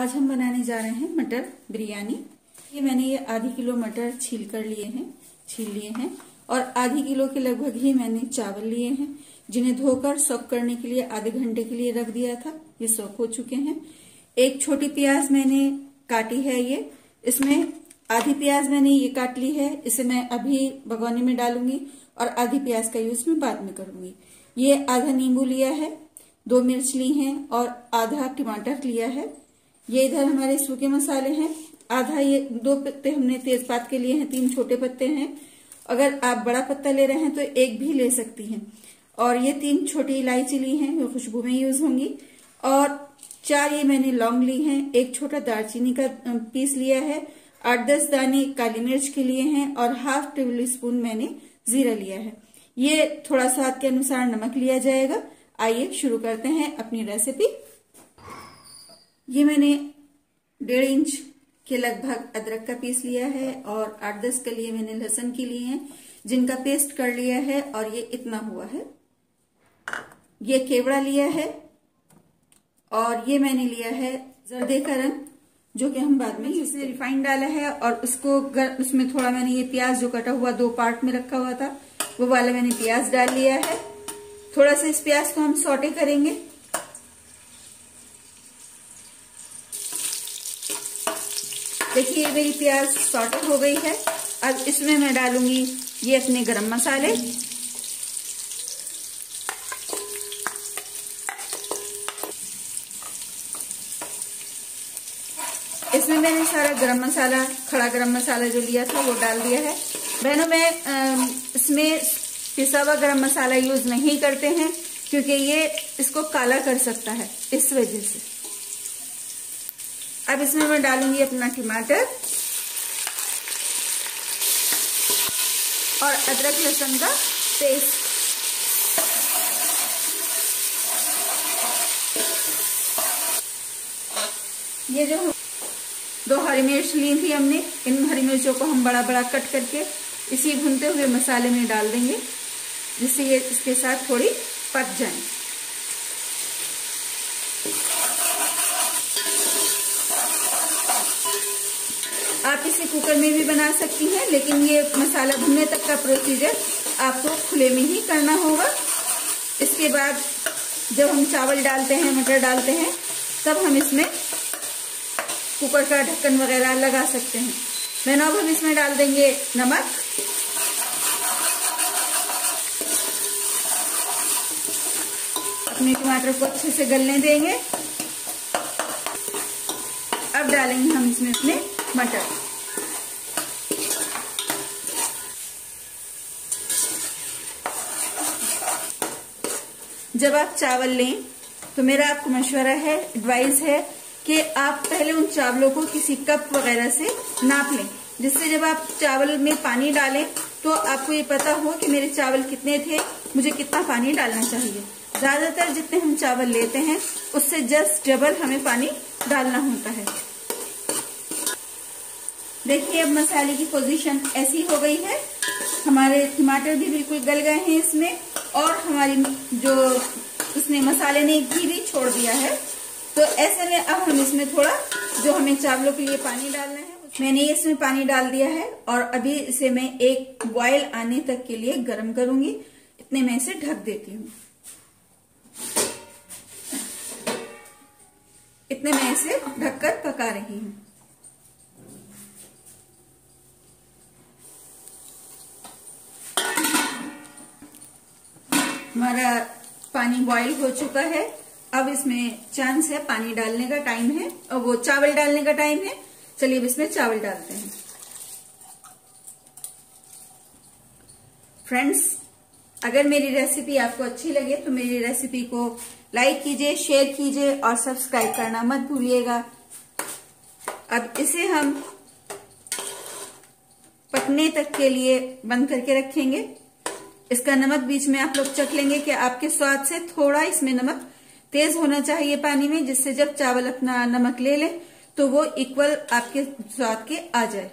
आज हम बनाने जा रहे हैं मटर बिरयानी ये मैंने ये आधी किलो मटर छील कर लिए हैं छील लिए हैं और आधी किलो के लगभग ही मैंने चावल लिए हैं जिन्हें धोकर सॉक करने के लिए आधे घंटे के लिए रख दिया था ये सॉक हो चुके हैं एक छोटी प्याज मैंने काटी है ये इसमें आधी प्याज मैंने ये काट ली है इसे मैं अभी भगवानी में डालूंगी और आधी प्याज का यूज मैं बाद में करूंगी ये आधा नींबू लिया है दो मिर्च ली है और आधा टमाटर लिया है ये इधर हमारे सूखे मसाले हैं आधा ये दो पत्ते हमने तेजपात के लिए हैं तीन छोटे पत्ते हैं अगर आप बड़ा पत्ता ले रहे हैं तो एक भी ले सकती हैं और ये तीन छोटी इलायची ली हैं जो खुशबू में यूज होंगी और चार ये मैंने लौंग ली हैं एक छोटा दालचीनी का पीस लिया है आठ दस दाने काली मिर्च के लिए हैं और हाफ टेबल स्पून मैंने जीरा लिया है ये थोड़ा स्वाद के अनुसार नमक लिया जाएगा आइए शुरू करते हैं अपनी रेसिपी ये मैंने डेढ़ इंच के लगभग अदरक का पीस लिया है और आठ दस के लिए मैंने लहसुन के लिए हैं जिनका पेस्ट कर लिया है और ये इतना हुआ है ये केवड़ा लिया है और ये मैंने लिया है जर्दे का रंग जो कि हम बाद में इसमें रिफाइंड डाला है और उसको गर, उसमें थोड़ा मैंने ये प्याज जो कटा हुआ दो पार्ट में रखा हुआ था वो वाला मैंने प्याज डाल लिया है थोड़ा सा इस प्याज को हम सोटे करेंगे देखिए मेरी प्याज शॉर्ट हो गई है अब इसमें मैं डालूंगी ये अपने गरम मसाले इसमें मैंने सारा गरम मसाला खड़ा गरम मसाला जो लिया था वो डाल दिया है बहनों मैं इसमें पिसा हुआ गरम मसाला यूज नहीं करते हैं क्योंकि ये इसको काला कर सकता है इस वजह से अब इसमें मैं डालूंगी अपना टमाटर और अदरक लहसुन का पेस्ट ये जो दो हरी मिर्च ली थी हमने इन हरी मिर्चों को हम बड़ा बड़ा कट करके इसी भुनते हुए मसाले में डाल देंगे जिससे ये इसके साथ थोड़ी पक जाए आप इसे कुकर में भी बना सकती हैं लेकिन ये मसाला भुनने तक का प्रोसीजर आपको खुले में ही करना होगा इसके बाद जब हम चावल डालते हैं मटर डालते हैं तब हम इसमें कुकर का ढक्कन वगैरह लगा सकते हैं मैं अब हम इसमें डाल देंगे नमक अपने टमाटर को अच्छे से गलने देंगे मटर जब आप चावल लें तो मेरा आपको मशवरा है एडवाइस है कि आप पहले उन चावलों को किसी कप वगैरह से नाप लें जिससे जब आप चावल में पानी डालें तो आपको ये पता हो कि मेरे चावल कितने थे मुझे कितना पानी डालना चाहिए ज्यादातर जितने हम चावल लेते हैं उससे जस्ट डबल हमें पानी डालना होता है देखिए अब मसाले की पोजीशन ऐसी हो गई है हमारे टमाटर भी बिल्कुल गल गए हैं इसमें और हमारी जो उसने मसाले ने घी भी छोड़ दिया है तो ऐसे में अब हम इसमें थोड़ा जो हमें चावलों के लिए पानी डालना है मैंने इसमें पानी डाल दिया है और अभी इसे मैं एक बॉयल आने तक के लिए गर्म करूंगी इतने में इसे ढक देती हूँ इतने में इसे ढककर पका रही हूँ हमारा पानी बॉईल हो चुका है अब इसमें चांस है पानी डालने का टाइम है और वो चावल डालने का टाइम है चलिए अब इसमें चावल डालते हैं फ्रेंड्स अगर मेरी रेसिपी आपको अच्छी लगे तो मेरी रेसिपी को लाइक कीजिए शेयर कीजिए और सब्सक्राइब करना मत भूलिएगा अब इसे हम पकने तक के लिए बंद करके रखेंगे इसका नमक बीच में आप लोग चख लेंगे कि आपके स्वाद से थोड़ा इसमें नमक तेज होना चाहिए पानी में जिससे जब चावल अपना नमक ले ले तो वो इक्वल आपके स्वाद के आ जाए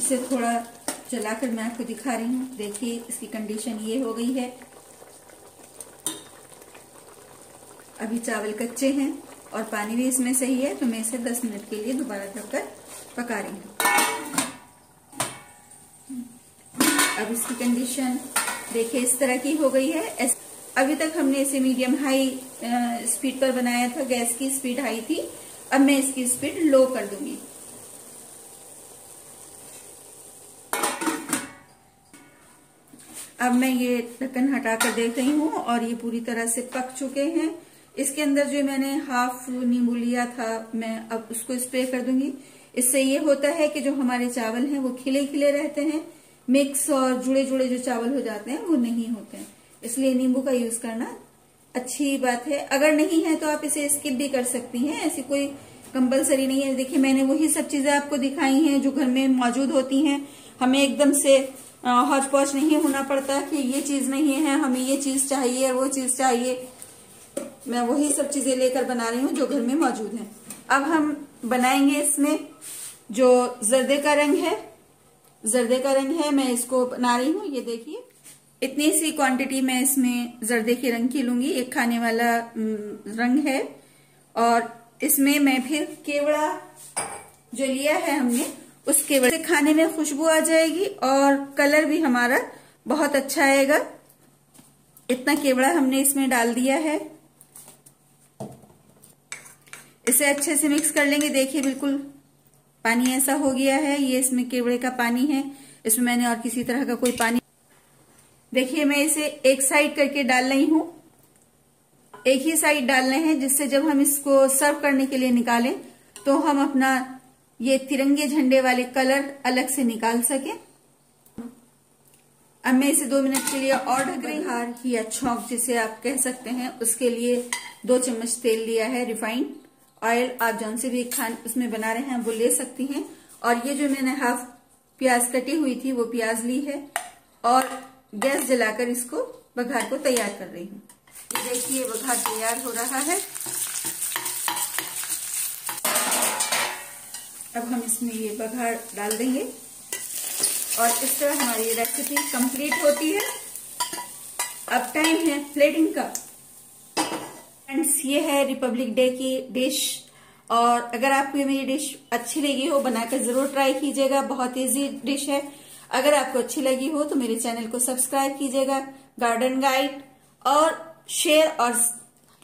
इसे थोड़ा चलाकर मैं आपको दिखा रही हूँ देखिए इसकी कंडीशन ये हो गई है अभी चावल कच्चे हैं और पानी भी इसमें सही है तो मैं इसे 10 मिनट के लिए दोबारा कर पका रही हूँ अब इसकी कंडीशन देखिए इस तरह की हो गई है अभी तक हमने इसे मीडियम हाई स्पीड पर बनाया था गैस की स्पीड हाई थी अब मैं इसकी स्पीड लो कर दूंगी अब मैं ये ढक्कन हटा कर देख रही हूँ और ये पूरी तरह से पक चुके हैं इसके अंदर जो मैंने हाफ नींबू लिया था मैं अब उसको स्प्रे कर दूंगी इससे ये होता है कि जो हमारे चावल हैं वो खिले खिले रहते हैं मिक्स और जुड़े जुड़े जो चावल हो जाते हैं वो नहीं होते हैं इसलिए नींबू का यूज करना अच्छी बात है अगर नहीं है तो आप इसे स्किप भी कर सकती हैं ऐसी कोई कंपलसरी नहीं है देखिए मैंने वही सब चीजें आपको दिखाई हैं जो घर में मौजूद होती हैं हमें एकदम से हौच पौच नहीं होना पड़ता कि ये चीज नहीं है हमें ये चीज चाहिए और वो चीज चाहिए मैं वही सब चीजें लेकर बना रही हूँ जो घर में मौजूद है अब हम बनाएंगे इसमें जो जर्दे का रंग है जर्दे का रंग है मैं इसको बना रही हूँ ये देखिए इतनी सी क्वांटिटी मैं इसमें जर्दे के रंग की लूंगी एक खाने वाला रंग है और इसमें मैं फिर केवड़ा जो लिया है हमने उस केवड़े से खाने में खुशबू आ जाएगी और कलर भी हमारा बहुत अच्छा आएगा इतना केवड़ा हमने इसमें डाल दिया है इसे अच्छे से मिक्स कर लेंगे देखिए बिल्कुल पानी ऐसा हो गया है ये इसमें केवड़े का पानी है इसमें मैंने और किसी तरह का कोई पानी देखिए मैं इसे एक साइड करके डाल रही हूं एक ही साइड डालने हैं जिससे जब हम इसको सर्व करने के लिए निकालें तो हम अपना ये तिरंगे झंडे वाले कलर अलग से निकाल सके अब मैं इसे दो मिनट के लिए और ढक रही हार या छौक जिसे आप कह सकते हैं उसके लिए दो चम्मच तेल लिया है रिफाइंड ऑयल आप जौन से भी खान उसमें बना रहे हैं वो ले सकती हैं और ये जो मैंने हाफ प्याज कटी हुई थी वो प्याज ली है और गैस जलाकर इसको बघार को तैयार कर रही हूँ देखिए बघार तैयार हो रहा है अब हम इसमें ये बघार डाल देंगे और इस तरह हमारी रेसिपी कंप्लीट होती है अब टाइम है प्लेटिंग का फ्रेंड्स ये है रिपब्लिक डे की डिश और अगर आपको ये मेरी डिश अच्छी लगी हो बनाकर जरूर ट्राई कीजिएगा बहुत इजी डिश है अगर आपको अच्छी लगी हो तो मेरे चैनल को सब्सक्राइब कीजिएगा गार्डन गाइड और शेयर और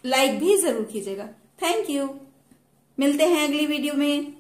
लाइक भी जरूर कीजिएगा थैंक यू मिलते हैं अगली वीडियो में